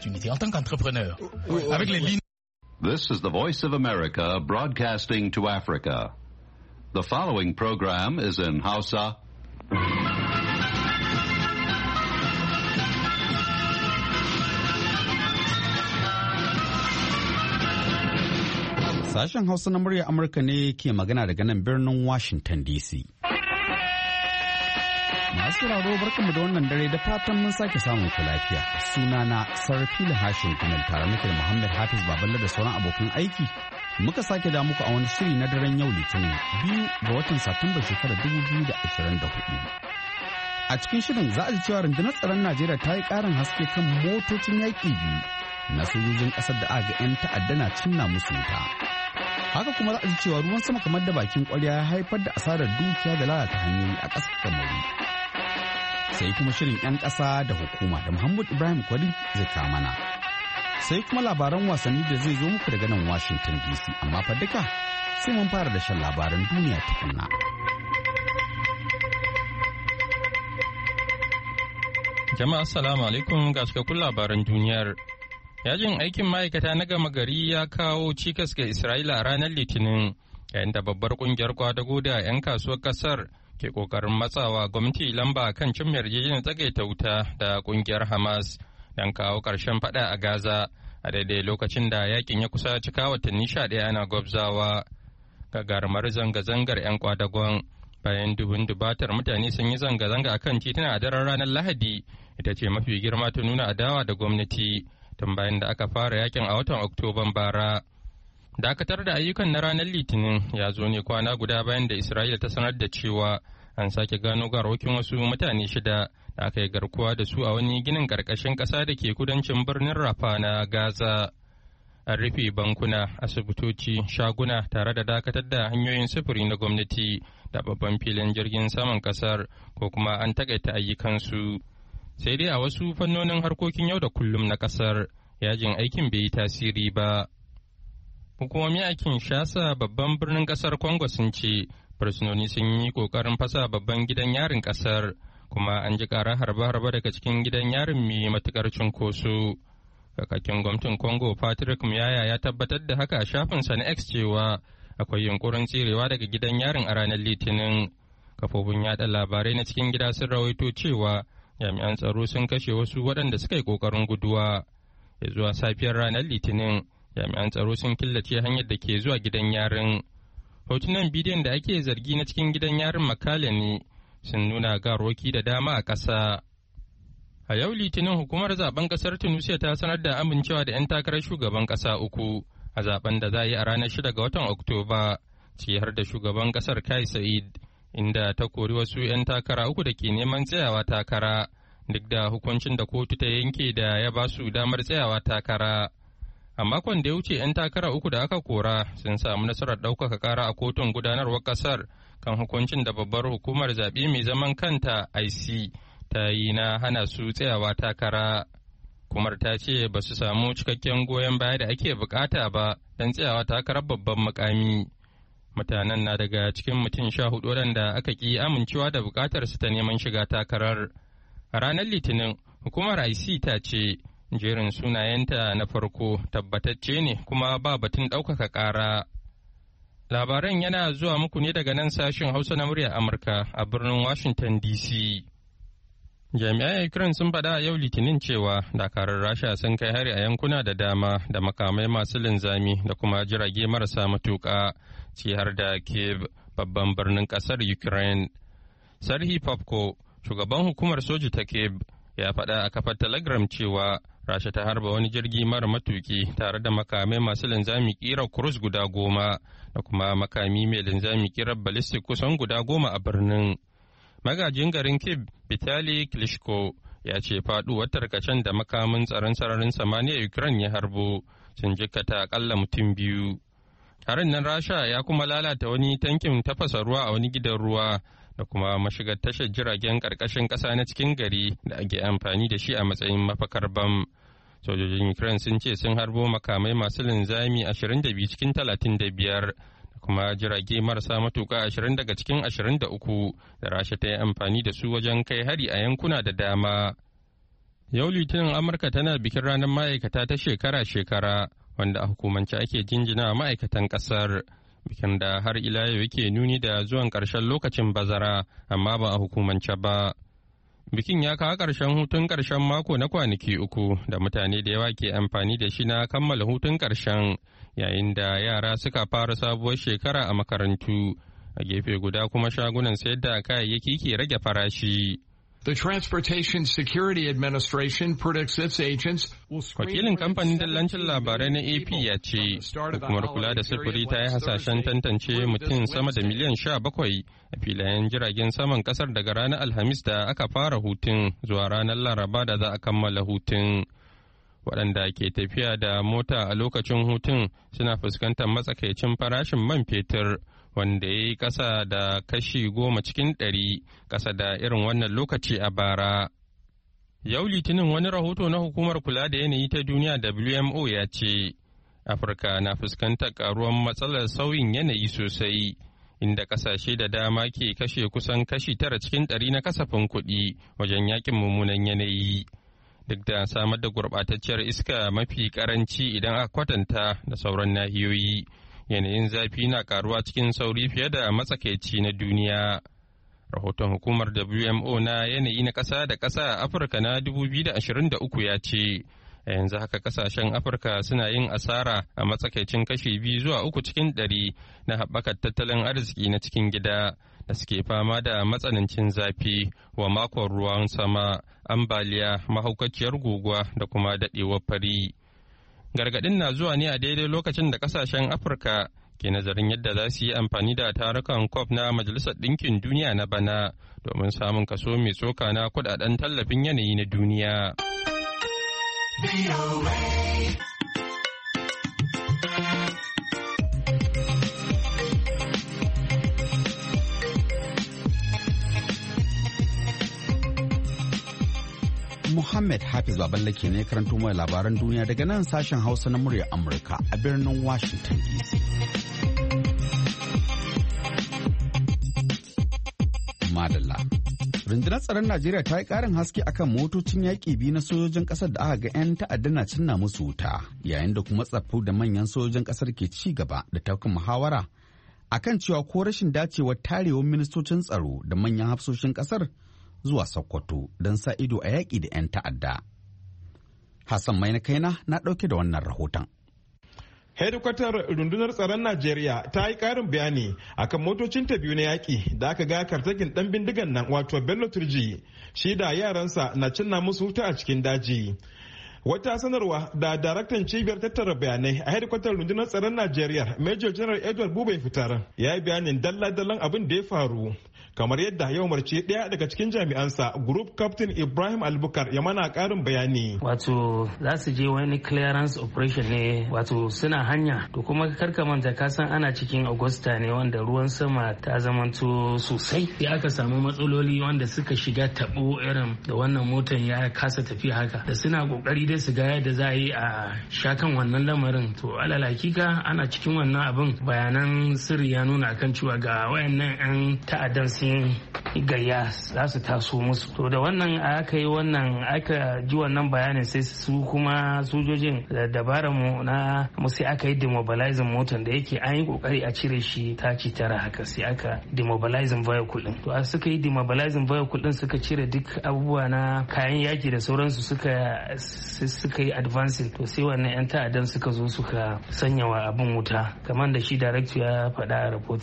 opportunités en tant qu'entrepreneur. Avec les lignes. This is the voice of America broadcasting to Africa. The following program is in Hausa. Sashen Hausa na murya Amurka ne ke magana daga nan birnin Washington DC. Masu sauraro barkanmu da wannan dare da fatan mun sake samun ku lafiya. Sunana da Hashin Kumel tare nake da Muhammad Hafiz Baballe da sauran abokan aiki. Muka sake da muku a wani shiri na daren yau Litinin biyu ga watan Satumba shekarar da hudu. A cikin shirin za a ji cewa rundunar tsaron Najeriya ta yi karin haske kan motocin yaƙi biyu na sojojin ƙasar da ga 'yan ta'adda na cinna musu wuta. Haka kuma za a ji cewa ruwan sama kamar da bakin ƙwarya ya haifar da asarar dukiya da lalata hanyoyi a ƙasar Kamaru. sai kuma shirin 'yan ƙasa da hukuma da Muhammad Ibrahim Kwari zai kawo mana. Sai kuma labaran wasanni da zai zo muku daga nan Washington DC amma fa duka sai mun fara da shan labaran duniya tukunna. Jama'a assalamu alaikum ga cikakkun labaran duniyar. Yajin aikin ma'aikata na gama gari ya kawo cikas ga Isra'ila ranar Litinin, yayin da babbar kungiyar kwadago da 'yan kasuwar kasar ke kokarin matsawa gwamnati lamba kan cin yarjejeniyar tsagaita wuta da ƙungiyar Hamas don kawo ƙarshen faɗa a Gaza a daidai lokacin da yakin ya kusa cika watanni sha ɗaya ana gwabzawa. Gagarumar zanga-zangar 'yan kwadagon bayan dubun dubatar mutane sun yi zanga-zanga akan tituna a daren ranar Lahadi ita ce mafi girma ta nuna adawa da gwamnati tun bayan da aka fara yakin a watan Oktoban bara. Dakatar da ayyukan na ranar Litinin ya zo ne kwana guda bayan da Isra'ila ta sanar da cewa an sake gano garwakin wasu mutane shida da aka yi garkuwa da su a wani ginin karkashin ƙasa da ke kudancin birnin Rafa na Gaza. An rufe bankuna, asibitoci, shaguna tare da dakatar da hanyoyin sufuri na gwamnati da babban filin jirgin saman ƙasar ko kuma an takaita ayyukansu. Sai dai a wasu fannonin harkokin yau da kullum na ƙasar yajin aikin bai yi tasiri ba. Hukumomi a Kinshasa babban birnin kasar Congo sun ce fursunoni sun yi kokarin fasa babban gidan yarin kasar kuma an ji karar harba harbe daga cikin gidan yarin mai matukar cunkoso. Kakakin gwamnatin Congo Patrick Muyaya ya tabbatar da haka a shafinsa na X cewa akwai yunkurin tsirewa daga gidan yarin a ranar Litinin. Kafofin yada labarai na cikin gida sun rawaito cewa jami'an tsaro sun kashe wasu waɗanda suka yi ƙoƙarin guduwa. Ya zuwa safiyar ranar Litinin jami'an tsaro sun killace hanyar da ke zuwa gidan yarin hotunan bidiyon da ake zargi na cikin gidan yarin makale ne sun nuna garoki da dama a ƙasa a yau litinin hukumar zaben ƙasar tunisia ta sanar da amincewa da 'yan takarar shugaban ƙasa uku a zaben da za a yi a ranar shida ga watan oktoba ciki har da shugaban ƙasar kai sa'id inda ta kori wasu 'yan takara uku da ke neman tsayawa takara duk da hukuncin da kotu ta yanke da ya ba su damar tsayawa takara a makon da ya wuce 'yan takara uku da aka kora sun samu nasarar ɗaukaka ƙara a kotun gudanarwar ƙasar kan hukuncin da babbar hukumar zaɓe mai zaman kanta ic ta yi na hana su tsayawa takara kumar ta ce ba su samu cikakken goyon baya da ake bukata ba don tsayawa takarar babban mukami mutanen na daga cikin mutum sha hudu waɗanda aka ƙi amincewa da bukatar su ta neman shiga takarar a ranar litinin hukumar ic ta ce jerin sunayenta na farko tabbatacce ne kuma ba batun ɗaukaka ƙara. Labaran yana zuwa muku ne daga nan sashen Hausa na muryar Amurka a birnin Washington DC. Jami'an Ukraine sun faɗa a yau Litinin cewa dakarun Rasha sun kai hari a yankuna da dama da makamai masu linzami da kuma jirage marasa matuƙa ci har da Kiev babban birnin ƙasar Ukraine. Sarhi Popko, shugaban hukumar soji ta Kiev, ya faɗa a kafar telegram cewa rasha ta harba wani jirgi mara matuki tare da makamai masu linzami kirar kurus guda goma da kuma makami mai linzami kirar ballistic kusan guda goma a birnin magajin garin kib vitali klitschko ya ce faduwar tarkacen da makamin tsaron sararin samaniya ukraine ya harbo sun jikkata akalla mutum biyu harin nan rasha ya kuma lalata wani tankin tafasa ruwa a wani gidan ruwa da kuma mashigar tashar jiragen karkashin kasa na cikin gari da ake amfani da shi a matsayin mafakar bam sojojin ukraine sun ce sun harbo makamai masu linzami 22 cikin 35 kuma jirage marasa matuka 20 daga cikin 23 da rasha ta yi amfani da su wajen kai hari a yankuna da dama yau litinin amurka tana bikin ranar ma'aikata ta shekara-shekara wanda a hukumance ake jinjina ma'aikatan kasar bikin da har ila yau yake nuni da zuwan ƙarshen lokacin bazara amma ba a hukumance ba Bikin ya kawo ƙarshen hutun ƙarshen mako na kwanaki uku da mutane da yawa ke amfani da shi na kammala hutun ƙarshen yayin da yara suka fara sabuwar shekara a makarantu. A gefe guda kuma shagunan sayar da kayayyaki ke rage farashi. The Transportation Security Administration predicts its agents will Wakilin kamfanin dallancin labarai na AP ya ce, hukumar kula da sufuri ta yi hasashen tantance mutum sama da miliyan sha bakwai a filayen jiragen saman kasar daga ranar Alhamis da aka fara hutun zuwa ranar Laraba da za a kammala hutun. Waɗanda ke tafiya da mota a lokacin hutun suna fuskantar matsakaicin farashin man fetur. wanda ya yi kasa da kashi goma cikin ɗari ƙasa da irin wannan lokaci a bara. Yau Litinin wani rahoto na hukumar kula da yanayi ta duniya WMO ya ce, Afirka na fuskantar ƙaruwar matsalar sauyin yanayi sosai, inda ƙasashe da dama ke kashe kusan kashi tara cikin ɗari na kasafin kuɗi wajen yakin mummunan yanayi. Duk da samar da gurɓatacciyar iska mafi ƙaranci idan aka kwatanta da sauran nahiyoyi. yanayin zafi na karuwa cikin sauri fiye da matsakaici na duniya. Rahoton hukumar WMO na yanayi na ƙasa da ƙasa a Afirka na 2023 ya ce, a yanzu haka kasashen Afirka suna yin asara a matsakaicin kashi biyu zuwa uku cikin ɗari na haɓakar tattalin arziki na cikin gida da suke fama da matsanancin zafi wa makon ruwan sama, ambaliya, mahaukaciyar guguwa da kuma daɗewar fari. gargaɗin na zuwa ne a daidai lokacin da kasashen afirka ke nazarin yadda za su yi amfani da tarukan cop na majalisar ɗinkin duniya na bana domin samun kaso mai tsoka na kudaden tallafin yanayi na duniya. Muhammad Hafiz Baballake ne karanto mai labaran duniya daga nan sashen Hausa na muryar Amurka a birnin Washington DC. Madalla. Rundunar tsaron Najeriya ta yi ƙarin haske akan motocin yaƙi biyu na sojojin ƙasar da aka ga 'yan ta'adda na cinna musu wuta, yayin da kuma tsaffu da manyan sojojin ƙasar ke ci gaba da taukan muhawara akan cewa ko rashin dacewar tarewar ministocin tsaro da manyan hafsoshin ƙasar zuwa Sokoto don sa ido a yaƙi da 'yan ta'adda. Hassan mai na kaina na ɗauke da wannan rahoton. hedikwatar rundunar tsaron najeriya ta yi ƙarin bayani akan motocin ta biyu na yaƙi da aka ga kartakin ɗan bindigan nan wato bello turji shi da yaransa na cinna musu wuta a cikin daji wata sanarwa da daraktan cibiyar tattara bayanai a hedikwatar rundunar tsaron najeriya major general edward ya fitar ya yi bayanin dalla-dallan abin da ya faru kamar yadda ya umarci ɗaya daga cikin jami'ansa group captain ibrahim albukar ya mana karin bayani wato za su je wani clearance operation ne wato suna hanya to kuma karka manta ka san ana cikin augusta ne wanda ruwan sama ta zamanto sosai sai aka samu matsaloli wanda suka shiga tabo irin da wannan motan ya kasa tafiya haka da suna kokari dai su ga yadda za a yi a shakan wannan lamarin to alalakika hakika ana cikin wannan abin bayanan sirri ya nuna akan cewa ga wayannan yan ta'addan sai gayya za su taso musu to da wannan aka yi wannan aka ji wannan bayanin sai su kuma sojojin da dabara mu na sai aka yi demobilizing motan da yake an yi kokari a cire shi ta taki tara haka sai aka demobilizing vehicle din to a suka yi demobilizing vehicle din suka cire duk abubuwa na kayan yaki da sauransu suka suka yi advancing to sai wannan yan ta'addan suka zo suka sanya wa abin wuta kamar da shi director ya faɗa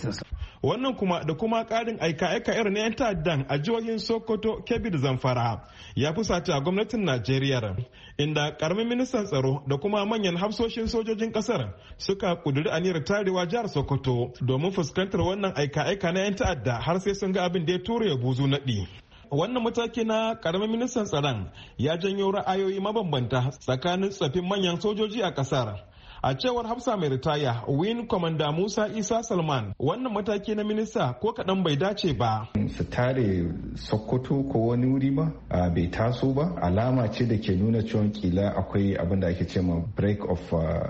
a sa. wannan kuma da kuma karin aika-aika irin na 'yan ta'addan a jihohin sokoto kebbi da zamfara ya fusata a gwamnatin najeriya inda karamin ministan tsaro da kuma manyan hafsoshin sojojin kasar suka kuduri aniyar tarewa jihar sokoto domin fuskantar wannan aika-aika na 'yan ta'adda har sai sun ga abin da ya tura ya buzu naɗi wannan mataki na karamin ministan tsaron ya janyo ra'ayoyi mabambanta tsakanin tsaffin manyan sojoji a kasar A cewar Hafsa mai ritaya, Win Kwamanda Musa Isa Salman, wannan mataki na minista ko kadan bai dace ba. Su tare Sokoto ko wani wuri ba, bai taso ba, alama ce da ke nuna cewa kila akwai abin da ake ce ma break of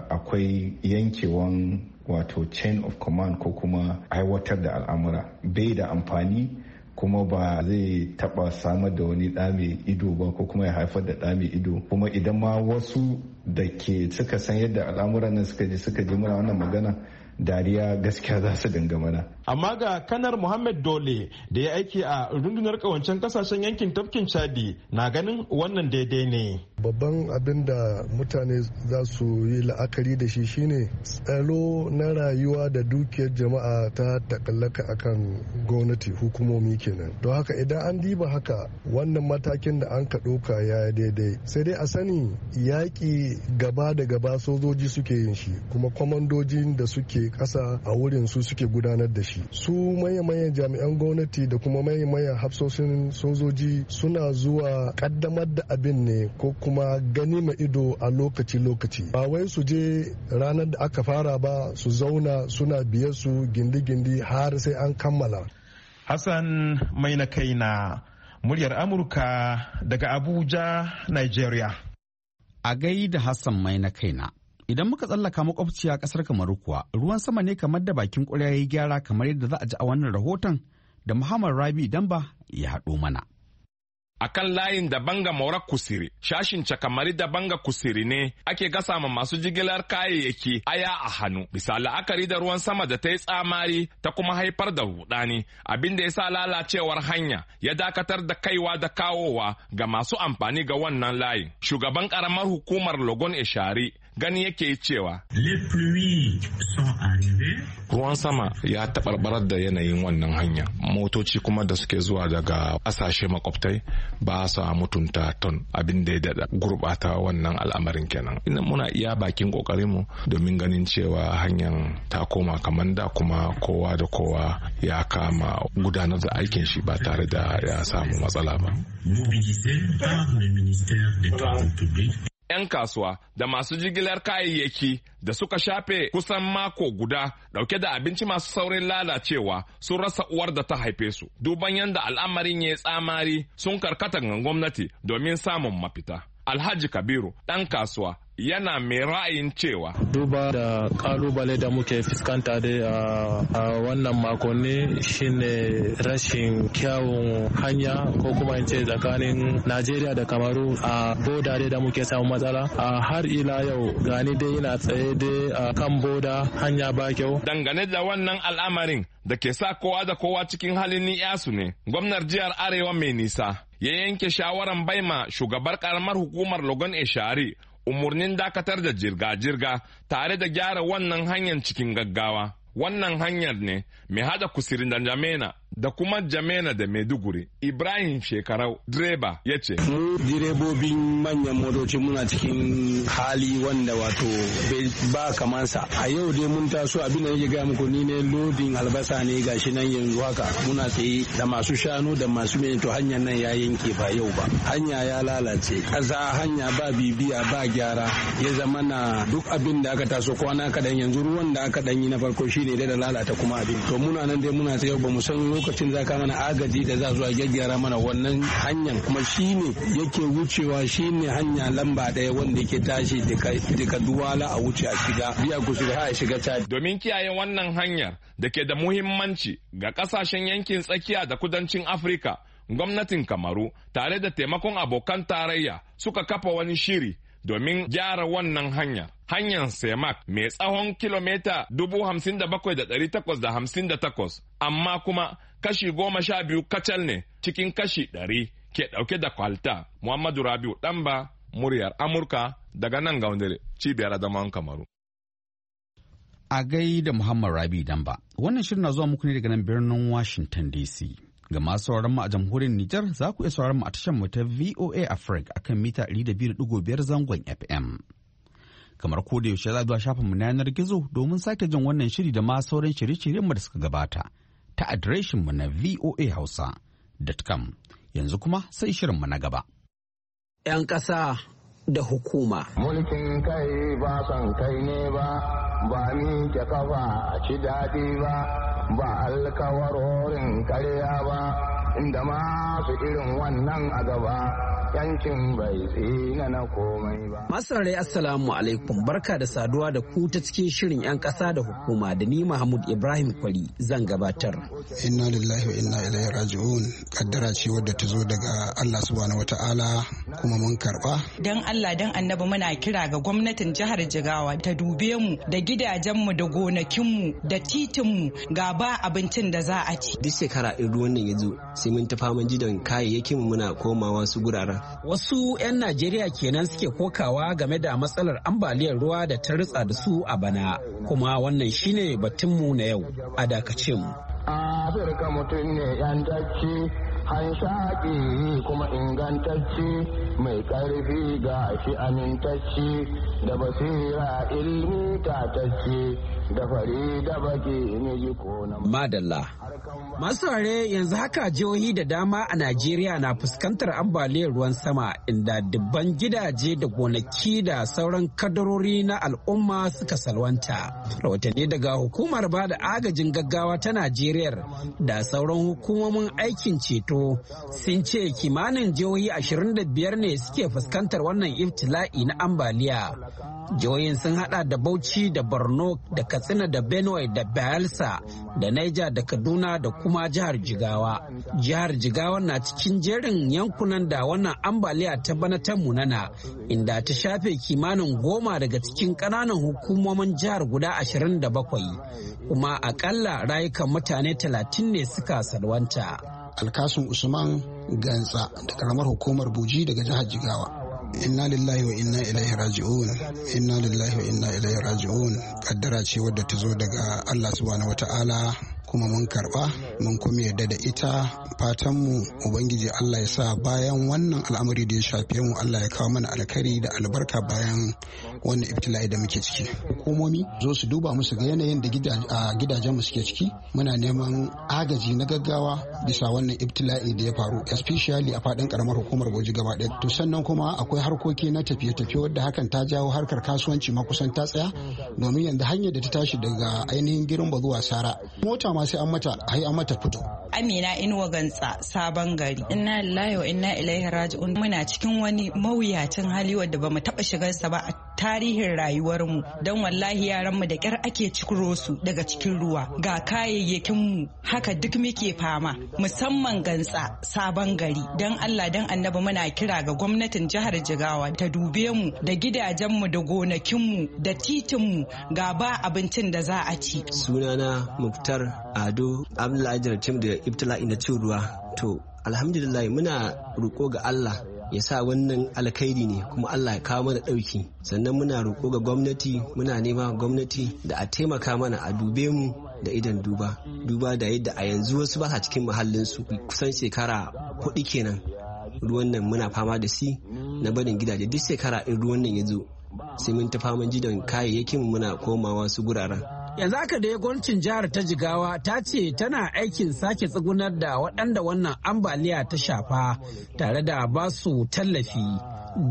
akwai yankewan wato chain of command ko kuma aiwatar da al'amura bai da amfani kuma ba zai taba samar da wani ɗa ido ba ko kuma ya haifar da ɗa ido kuma idan ma wasu da ke suka san yadda al'amuran nan suka je suka ji muna wannan magana dariya gaskiya za su dinga mana amma ga kanar muhammad dole da ya aiki a rundunar kawancen kasashen yankin tafkin chadi na ganin wannan daidai ne babban abin da mutane za su yi la'akari da shi shine tsaro na rayuwa da dukiyar jama'a ta takallaka akan gwamnati hukumomi kenan don haka idan an diba haka wannan matakin da an ka ɗauka ya daidai sai dai a sani yaƙi gaba da gaba sojoji suke yin shi kuma kwamandojin da suke ƙasa a wurin su suke gudanar da shi su manya-manyan jami'an gwamnati da kuma manya-manyan hafsoshin sojoji suna zuwa kaddamar da abin ne ko kuma gani ma ido a lokaci-lokaci ba wai su je ranar da aka fara ba su zauna suna biye su gindi-gindi har sai an kammala hassan mai na kai na muryar amurka daga abuja nigeria a gaida hassan mai na kaina Idan muka tsallaka makwabciya kasar kamar kuwa ruwan sama ne kamar da bakin ƙwarya ya yi gyara kamar yadda za a ji a wannan rahoton da Muhammad Rabi Damba ya haɗo mana. Akan layin da banga maura kusiri shashin cakamari da banga kusiri ne ake gasa ma masu jigilar kayayyaki aya a hannu bisa la'akari da ruwan sama da ta yi tsamari ta kuma haifar da rudani abin da ya sa lalacewar hanya ya dakatar da kaiwa da kawowa ga masu amfani ga wannan layin shugaban karamar hukumar logon ishari gani yake cewa ruwan sama ya taɓarɓarar da yanayin wannan hanya motoci kuma da suke zuwa daga asashe makwabtai ba sa mutunta ton abin da ya daɗa gurɓata wannan al'amarin kenan ina muna iya bakin ƙoƙarinmu domin ganin cewa hanyar ta koma kamar da kuma kowa da kowa ya kama gudanar da aikin shi ba tare da ya samu matsala ba 'yan kasuwa da masu jigilar kayayyaki da suka shafe kusan mako guda dauke da abinci masu saurin lalacewa sun rasa uwar da ta haife su duban yadda al'amarin ya tsamari sun karkata ga gwamnati domin samun mafita alhaji kabiru ɗan kasuwa yana mai ra'ayin cewa duba da kalubale da muke fuskanta da a wannan makonni shine rashin kyawun hanya ko kuma in ce tsakanin najeriya da kamaru a boda da muke samun matsala a har ila yau gani dai yana tsaye dai a kan boda hanya ba kyau dangane da wannan al'amarin da ke sa kowa da kowa cikin halin ni'yasu ne gwamnar jihar arewa mai nisa ya yanke shawaran baima shugabar karamar hukumar logon eshari umarnin dakatar da jirga-jirga tare da gyara wannan hanyar cikin gaggawa. Wannan hanyar ne mai hada kusirin da Jamena da kuma Jamena da Maiduguri. Ibrahim Shekarau direba ya ce. Mu direbobin manyan motoci muna cikin hali wanda wato ba kamansa. A yau dai mun taso abin da yake gaya muku ni ne lodin albasa ne gashi nan yanzu haka muna tsaye da masu shanu da masu mai to hanyar nan ya yanke ba yau ba. Hanya ya lalace. Ƙasa hanya ba bibiya ba gyara ya zama na duk abin da aka taso kwana kaɗan yanzu ruwan da aka ɗanyi na farko shine da lalata kuma abin. To muna nan dai muna tsaye ba mu san lokacin za ka mana agaji da za zuwa gyaggyara mana wannan hanyar kuma shine yake wucewa shine hanya lamba daya wanda yake tashi daga duwala a wuce a shiga biya ku shiga a shiga ta domin kiyaye wannan hanyar da ke da muhimmanci ga kasashen yankin tsakiya da kudancin afirka gwamnatin kamaru tare da taimakon abokan tarayya suka kafa wani shiri domin gyara wannan hanya. Hanyar Semak mai tsawon kilomita 57,858 amma kuma kashi goma sha biyu kacal ne cikin kashi ɗari ke ɗauke da kwalta muhammadu rabiu ɗanba muryar amurka daga nan ga wani cibiyar adaman kamaru a gai da muhammad rabi damba wannan shirin na zuwa muku ne daga nan birnin washington dc ga masu sauraron mu a jamhuriyar Nijar za ku iya sauraron mu a tashar mu ta VOA Africa akan mita biyar zangon FM. Kamar ko da yaushe za zuwa shafin mu na yanar gizo domin sake jin wannan shiri da ma sauran shirye-shiryen da suka gabata ta adireshinmu na voahausa.com yanzu kuma sai shirinmu na gaba. 'Yan ƙasa da hukuma. Mulkin kai ba son kai ne ba, ba ni ke kafa a ci daɗi ba, ba alkawarorin karya ba, inda masu irin wannan a gaba. yankin bai tsina na komai ba. Masarai Assalamu alaikum barka da saduwa da ku ta cikin shirin 'yan ƙasa da hukuma da ni Mahmud Ibrahim Kwari zan gabatar. Inna lillahi wa inna ilaihi raji'un kaddara ce wadda ta zo daga Allah subhanahu wata'ala kuma mun karba. Dan Allah dan annabi muna kira ga gwamnatin jihar Jigawa ta dube mu da gidajenmu da gonakinmu da titinmu ga ba abincin da za a ci. Duk shekara in wannan nan ya zo sai mun ta faman jidan kayayyakin muna komawa su guraren Wasu 'yan Najeriya kenan suke kokawa game da matsalar ambaliyar ruwa da ta ritsa da su a bana, kuma wannan shine batunmu na yau a dakace mu. Afirka mutum ne 'yantacci hanshaƙi kuma ingantacci mai ƙarfi ga shi amintacci da basira ilmi tatacce da fari da baki ne ji ko na madalla masu yanzu haka jihohi da dama a najeriya na fuskantar ambaliyar ruwan sama inda dubban gidaje da gonaki da sauran kadarori na al'umma suka salwanta rahotanni daga hukumar ba da agajin gaggawa ta najeriya da sauran hukumomin aikin ceto sun ce kimanin jihohi 25 ne suke fuskantar wannan iftila'i na ambaliya Jihohin sun hada da Bauchi da Borno da Katsina da Benue da Bayelsa da Niger da Kaduna da kuma jihar Jigawa. Jihar Jigawa na cikin jerin yankunan da wannan ambaliya ta bana ta munana inda ta shafe kimanin goma daga cikin kananan hukumomin jihar guda 27 kuma akalla rayukan mutane 30 ne suka salwanta. Alkasun Usman Gantsa da karamar hukumar Buji daga jihar Jigawa. inna lillahi wa inna ilaihi raji'un inna lillahi wa inna ilaihi raji'un kaddara ce wadda ta zo daga Allah subhanahu wata'ala kuma mun karba mun kuma yarda da ita fatanmu ubangiji allah ya sa bayan wannan al'amari da ya shafe mu allah ya kawo mana alkari da albarka bayan wannan ibtila'i da muke ciki hukumomi zo su duba musu ga yanayin da gidajen mu suke ciki muna neman agaji na gaggawa bisa wannan ibtila'i da ya faru especially a fadin karamar hukumar goji gaba ɗaya to sannan kuma akwai harkoki na tafiye-tafiye wadda hakan ta jawo harkar kasuwanci ma kusan ta tsaya domin yanzu hanyar da ta tashi daga ainihin girin zuwa sara mota kama sai an mata ai an mata fito amina inuwa gantsa sabon gari inna lillahi wa inna ilaihi raji'un muna cikin wani mawuyacin hali wanda bamu taba shigar sa ba tarihin rayuwarmu don wallahi yaranmu da kyar ake cikuro su daga cikin ruwa ga kayayyakinmu haka duk muke fama musamman gantsa sabon gari don allah don annabi muna kira ga gwamnatin jihar jigawa ta dube mu da gidajenmu da gonakinmu da titinmu ga ba abincin da za a ci sunana muktar ado abdullahi da ibtila ina cin ruwa to alhamdulillah muna roƙo ga allah ya sa wannan alkhairi ne kuma Allah ya kawo mana ɗauki sannan muna roƙo ga gwamnati muna nema gwamnati da a taimaka mana a dube mu da idan duba duba da yadda a yanzu wasu ba sa cikin su kusan shekara hudu kenan ruwan nan muna fama da si na barin gidaje duk shekara in ruwan nan ya zo sai mun ta faman jidan kayayyakin muna komawa su guraren yanzu haka dai gwamnatin jihar ta jigawa ta ce tana aikin sake tsugunar da waɗanda wannan ambaliya ta shafa tare da ba su tallafi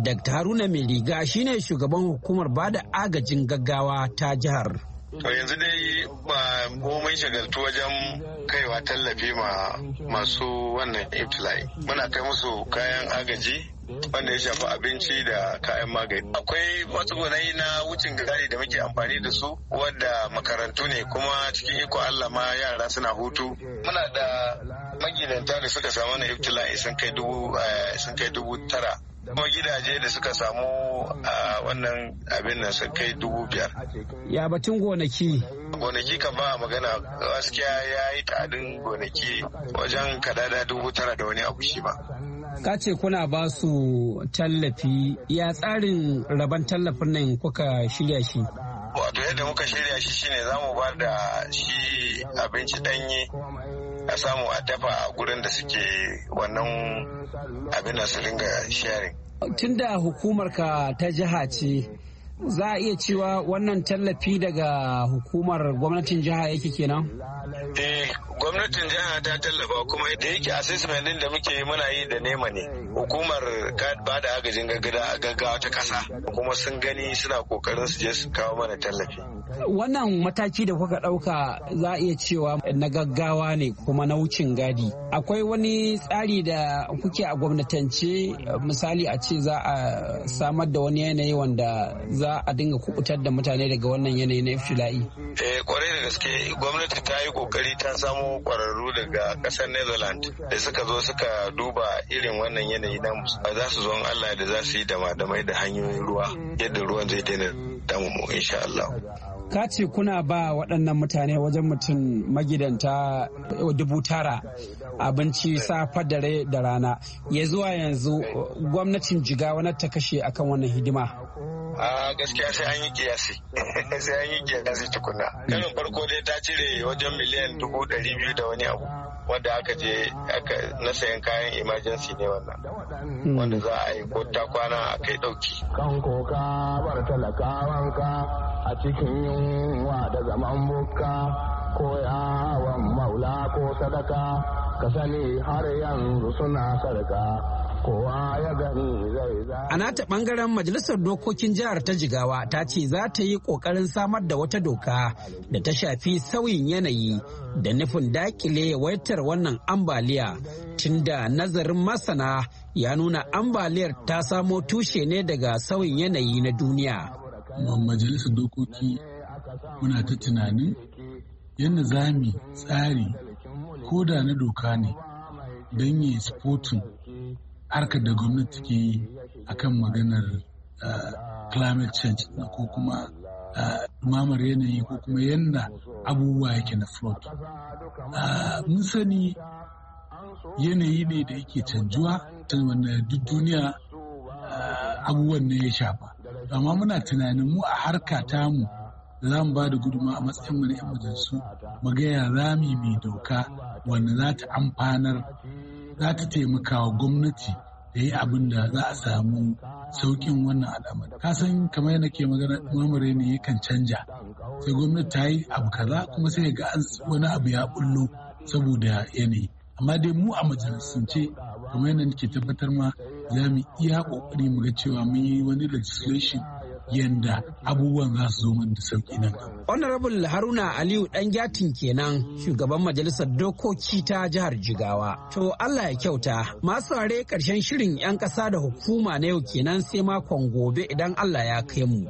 dr haruna mai riga shine shugaban hukumar ba da agajin gaggawa ta jihar to yanzu dai ba komai shagaltu wajen kaiwa tallafi ma masu wannan iftila'i muna kai musu kayan agaji wanda ya shafi abinci da kayan magani akwai matsugunai na wucin gari da muke amfani da su wadda makarantu ne kuma cikin iko allah ma yara suna hutu muna da magidanta da suka samu na iftila'i eh, sun kai dubu tara kuma gidaje da suka samu a wannan abin nan sun kai dubu biyar. Ya batun gonaki? Gonaki kan ba magana gaskiya ya yi ta'adin gonaki wajen kadada dubu tara da wani abu shi ba. ka ce kuna ba su tallafi ya tsarin rabon tallafin nan kuka shirya shi wato yadda muka shirya shi shine za mu ba da shi abinci danye a samu a dafa a gurin da suke wannan abin da su ringa sharing Tunda hukumar ka ta jiha ce za a iya cewa wannan tallafi daga hukumar gwamnatin jiha yake kenan? Eh, gwamnatin jiha ta tallafa kuma da yake assessment din da muke muna yi da nema ne. Hukumar kad ba da agajin gaggada a gaggawa ta kasa kuma sun gani suna kokarin su je su kawo mana tallafi. Wannan mataki da kuka ɗauka za a iya cewa na gaggawa ne kuma na wucin gadi. Akwai wani tsari da kuke a gwamnatance misali a ce za a samar da wani yanayi wanda za a dinga kubutar da mutane daga wannan yanayi na iftila'i. Eh kwarai da gaske gwamnati ta yi kokari ta samo kwararru daga kasar Netherlands da suka zo suka duba irin wannan yanayi na za su zo Allah da za su yi dama da hanyoyin ruwa yadda ruwan zai daina damu insha Allah. ka ce kuna ba waɗannan mutane wajen mutum magidanta eh, dubu tara abinci safa dare da rana ya zuwa yanzu gwamnatin jigawa na ta kashe akan wannan hidima a gaskiya sai an yi kiyasi sai an yi kiyasi tukuna karin farko dai ta cire wajen miliyan dubu ɗari biyu da wani abu wanda aka je na sayan kayan emergency ne wannan hmm. wanda za a yi ko ta kwana a kai dauki kan koka bar talakawanka a cikin yunwa da zaman bukka ko yawon maula ko sadaka ka sani har yanzu suna sarka Ana ta ɓangaren majalisar dokokin jihar ta Jigawa ta ce za ta yi ƙoƙarin samar da wata doka da ta shafi sauyin yanayi da nufin dakile yawaitar wannan ambaliya tunda nazarin masana ya nuna ambaliyar ta samo tushe ne daga sauyin yanayi na duniya. Majalisar dokoki muna ta tunanin yadda za mu tsari ko da na doka ne don yi sportin harkar da gwamnati ke yi a kan maganar ah, climate change ko kuma ah, mamar yanayi ko kuma yadda abubuwa yake na flood ah, mun sani yanayi ne da yake canjuwa ta wanda duk duniya abubuwan ne ya shafa amma muna tunanin mu a harka tamu da za mu ba da guduma a matsayin mu 'yan majalisu mu gaya mai doka wanda za ta amfanar za ta taimaka wa gwamnati ya yi abin da za a samu saukin wannan al'amari ka san kamar yadda ke magana mamare ne yakan canja sai gwamnati ta yi abu kaza kuma sai ga wani abu ya bullo saboda yanayi amma dai mu a majalisun ce kamar yadda ke tabbatar ma za mu iya ƙoƙari mu ga cewa mun yi wani legislation yadda abubuwan za su zo min da sauki nan honorable haruna aliyu dan gyatin kenan shugaban majalisar dokoki ta jihar jigawa to allah ya kyauta masu ware karshen shirin yan ƙasa da hukuma na yau kenan sai makon gobe idan allah ya kai mu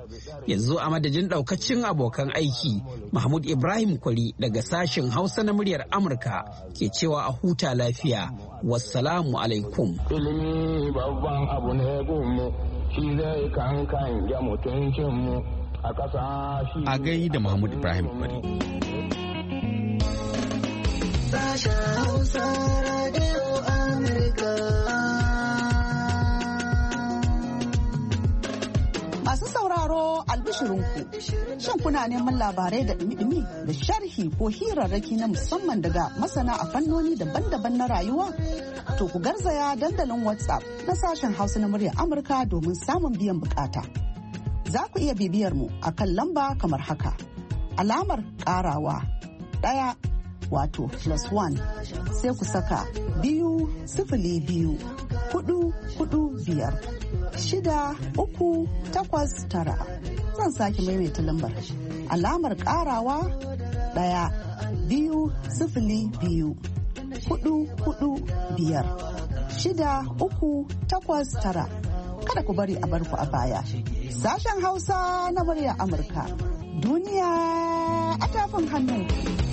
yanzu a madadin ɗaukacin abokan aiki mahmud ibrahim kwari daga sashen hausa na muryar amurka ke cewa a huta lafiya wassalamu alaikum ilimi babban abu ne gumi, shi zai kankan ya mutu a ƙasa gai da Mahmud Ibrahim Kwari. Masu sauraro albishirinku, shan kuna neman labarai da ɗumi da sharhi ko hirarraki na musamman daga masana a fannoni daban-daban na rayuwa? To ku garzaya dandalin WhatsApp na sashen Hausa na murya Amurka domin samun biyan bukata. za ku iya bibiyar mu a kan lamba kamar haka. Alamar karawa ɗaya wato plus one sai ku saka biyu sifili biyu hudu hudu biyar shida uku takwas tara zan sake maimaita lambar alamar karawa ɗaya biyu sifili biyu hudu hudu biyar shida uku takwas tara kada ku bari a barku a baya. Sashen Hausa na murya Amurka. Duniya a tafin hannu.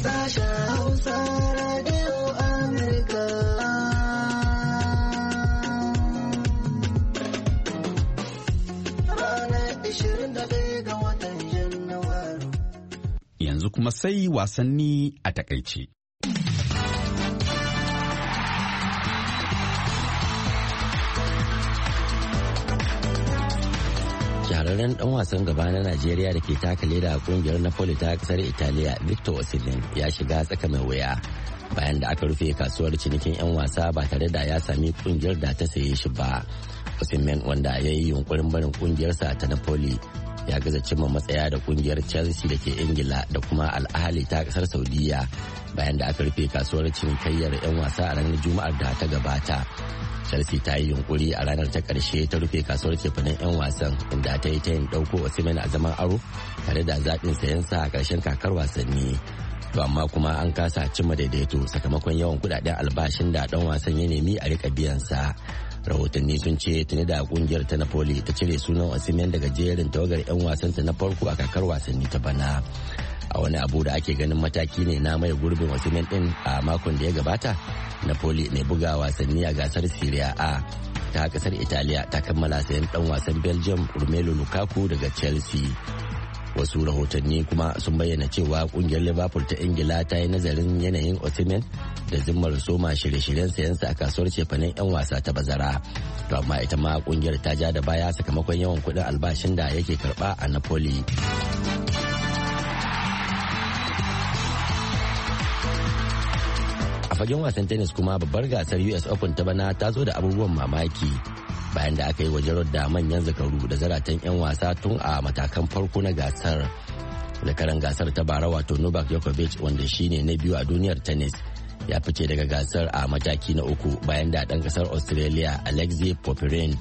Sashen Hausa Radio Amurka. Yanzu kuma sai wasanni a takaice. Shahararren dan wasan gaba na Najeriya da ke taka leda a kungiyar Napoli ta kasar Italiya Victor Osimhen ya shiga tsaka mai wuya bayan da aka rufe kasuwar cinikin 'yan wasa ba tare da ya sami kungiyar da ta saye shi ba. Osimhen wanda ya yi yunkurin barin kungiyarsa ta Napoli ya gaza cimma matsaya da kungiyar chelsea da ke ingila da kuma al'ahali ta kasar saudiya bayan da aka rufe kasuwar cinikayyar 'yan wasa a ranar juma'ar da ta gabata chelsea ta yi yunkuri a ranar ta karshe ta rufe kasuwar cefanen 'yan wasan inda ta yi ta yin a osimhen a zaman aro tare da zaɓin sayansa a karshen kakar wasanni to amma kuma an kasa cimma daidaito sakamakon yawan kudaden albashin da dan wasan ya nemi a rika biyansa rahotanni sun ce tuni da kungiyar ta napoli ta cire sunan osimhen daga jerin tawagar 'yan wasanta na farko a kakar wasanni ta bana a wani abu da ake ganin mataki ne na mai gurbin osimhen din a makon da ya gabata napoli mai buga wasanni a gasar syria a ta kasar italiya ta kammala sayan dan wasan belgium romelu lukaku daga chelsea wasu rahotanni kuma sun bayyana cewa kungiyar liverpool ta ingila ta yi nazarin yanayin osimhen da zimmar soma shirye-shiryen sayansa a kasuwar cefanen 'yan wasa ta bazara to amma ita ma kungiyar ta ja da baya sakamakon yawan kuɗin albashin da yake karba a napoli a fagen wasan tennis kuma babbar gasar us open ta bana ta zo da abubuwan mamaki bayan da aka yi wajen da manyan zakaru da zaratan 'yan wasa tun a matakan farko na gasar da karan gasar ta bara wato novak djokovic wanda shine na biyu a duniyar tennis ya fice daga gasar a mataki na uku bayan da dan kasar australia alexi popperin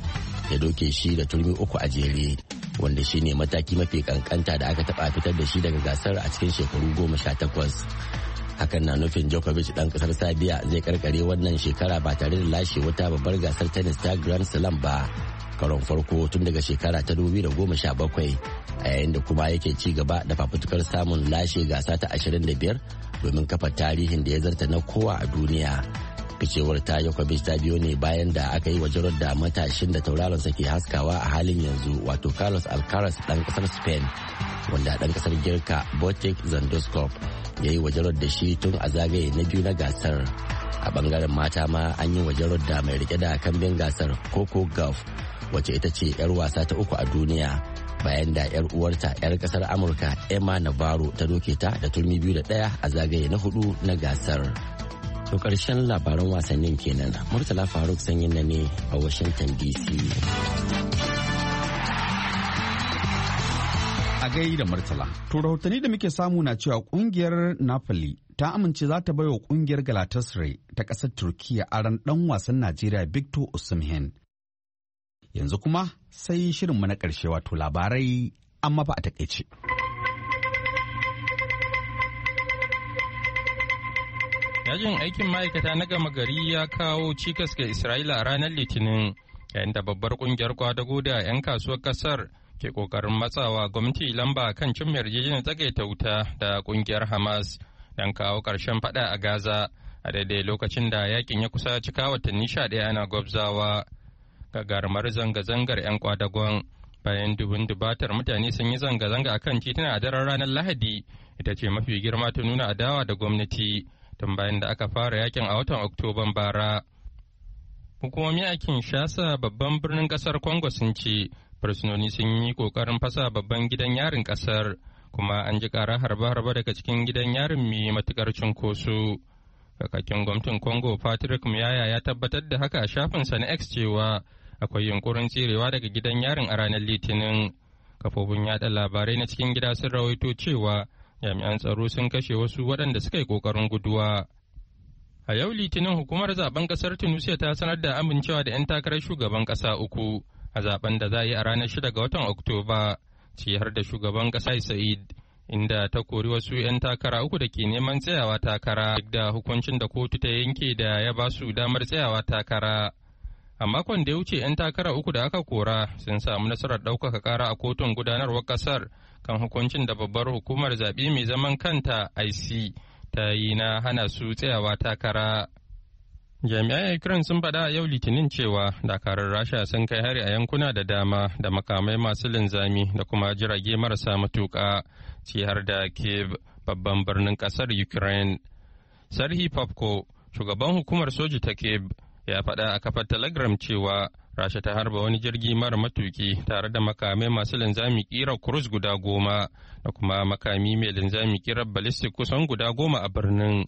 ya doke shi da turmi uku a jere wanda shine mataki mafi kankanta da aka taba fitar da shi daga gasar a cikin shekaru goma sha takwas hakan na nufin Djokovic dan kasar Sabiya zai karkare wannan shekara ba tare da lashe wata babbar gasar tennis ta Grand Slam ba karon farko tun daga shekara ta 2017 a yayin da kuma yake ci gaba da fafutukar samun lashe gasa ta 25 domin kafa tarihin da ya zarta na kowa a duniya ficewar ta Djokovic ta biyo ne bayan da aka yi wa jarar da matashin da tauraron sa ke haskawa a halin yanzu wato Carlos Alcaraz dan kasar Spain wanda dan kasar Girka Botic Zandoskop ya yi wajarar da shi tun a zagaye na biyu na gasar a bangaren mata ma an yi wajarar da mai rike da kambin gasar coco golf wacce ita ce 'yar wasa ta uku a duniya bayan da 'yar uwarta 'yar kasar amurka emma navarro ta doke ta da turmi biyu da daya a zagaye na hudu na gasar to karshen labaran wasannin kenan murtala faruk sanyin na ne a washington dc A gai da Murtala. To rahotanni da muke samu na cewa kungiyar Napoli ta amince za ta baiwa kungiyar Galatasaray ta ƙasar Turkiya aran ɗan wasan Najeriya Victor Osimhen. Yanzu kuma sai shirinmu na ƙarshe wato labarai amma ba a takaice. Yajin aikin ma'aikata na gama gari ya kawo cikas ga Isra'ila ranar Litinin, yayin da babbar kungiyar kwadago da 'yan kasuwar kasar ke ƙoƙarin matsawa gwamnati lamba kan cin yarjejeniyar tsagaita wuta da ƙungiyar Hamas don kawo ƙarshen faɗa a Gaza a daidai lokacin da yakin ya kusa cika watanni sha ana gwabzawa. Gagarumar zanga-zangar 'yan kwadagon bayan dubun dubatar mutane sun yi zanga-zanga a kan titina a daren ranar Lahadi ita ce mafi girma ta nuna adawa da gwamnati tun bayan da aka fara yakin a watan Oktoban bara. Hukumomi a Shasa babban birnin kasar Congo sun ce fursunoni sun yi kokarin fasa babban gidan yarin kasar kuma an ji kara harba-harba daga cikin gidan yarin mai matukar cunkoso kakakin gwamnatin congo patrick muyaya ya tabbatar da haka a shafinsa na x cewa akwai yunkurin tsirewa daga gidan yarin a ranar litinin kafofin yada labarai na cikin gida sun rawaito cewa jami'an tsaro sun kashe wasu waɗanda suka yi ƙoƙarin guduwa a yau litinin hukumar zaben ƙasar tunisia ta sanar da amincewa da 'yan takarar shugaban ƙasa uku a zaben da za a yi a ranar shida ga watan Oktoba, ci har da shugaban ƙasa Said inda ta kori wasu 'yan takara uku da ke neman tsayawa takara duk da hukuncin da kotu ta yanke da ya ba su damar tsayawa takara. A makon da ya wuce 'yan takara uku da aka kora sun samu nasarar ɗaukaka ƙara a kotun gudanarwar ƙasar kan hukuncin da babbar hukumar zaɓe mai zaman kanta IC ta yi na hana su tsayawa takara. jami'an ukraine sun faɗa a yau litinin cewa dakarar rasha sun kai hari a yankuna da dama da makamai masu linzami da kuma jirage marasa matuka ci har da kiev babban birnin ƙasar ukraine sarhi popko shugaban hukumar soji ta kiev ya faɗa a kafar telegram cewa rasha ta harba wani jirgi mara matuki tare da makamai masu linzami ƙirar kurus guda goma da kuma makami mai linzami ƙirar ballistic kusan guda goma a birnin.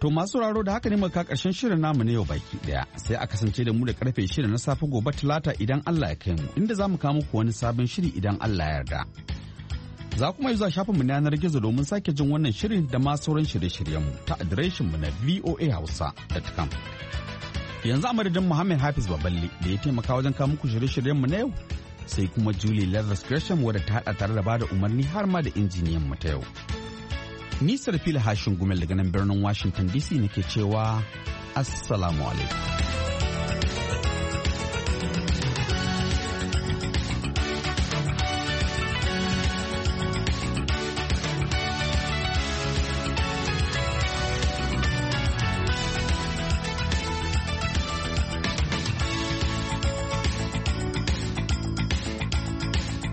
To masu raro da haka ne muka karshen shirin namu na yau baki daya sai a kasance da mu da karfe shirin na safe gobe talata idan Allah ya kai mu inda za mu kawo wani sabon shiri idan Allah ya yarda. Za kuma yi zuwa shafinmu na yanar gizo domin sake jin wannan shirin da ma sauran shirye-shiryenmu ta adireshin mu na voahausa.com. Yanzu a madadin Muhammad Hafiz Baballe da ya taimaka wajen kawo muku shirye-shiryenmu na yau sai kuma Julie Levis Gresham wadda ta haɗa tare da bada umarni har ma da injiniyan mu ta yau. Nisar fili hashin gumel daga nan birnin Washington DC nake cewa Assalamu alaikum.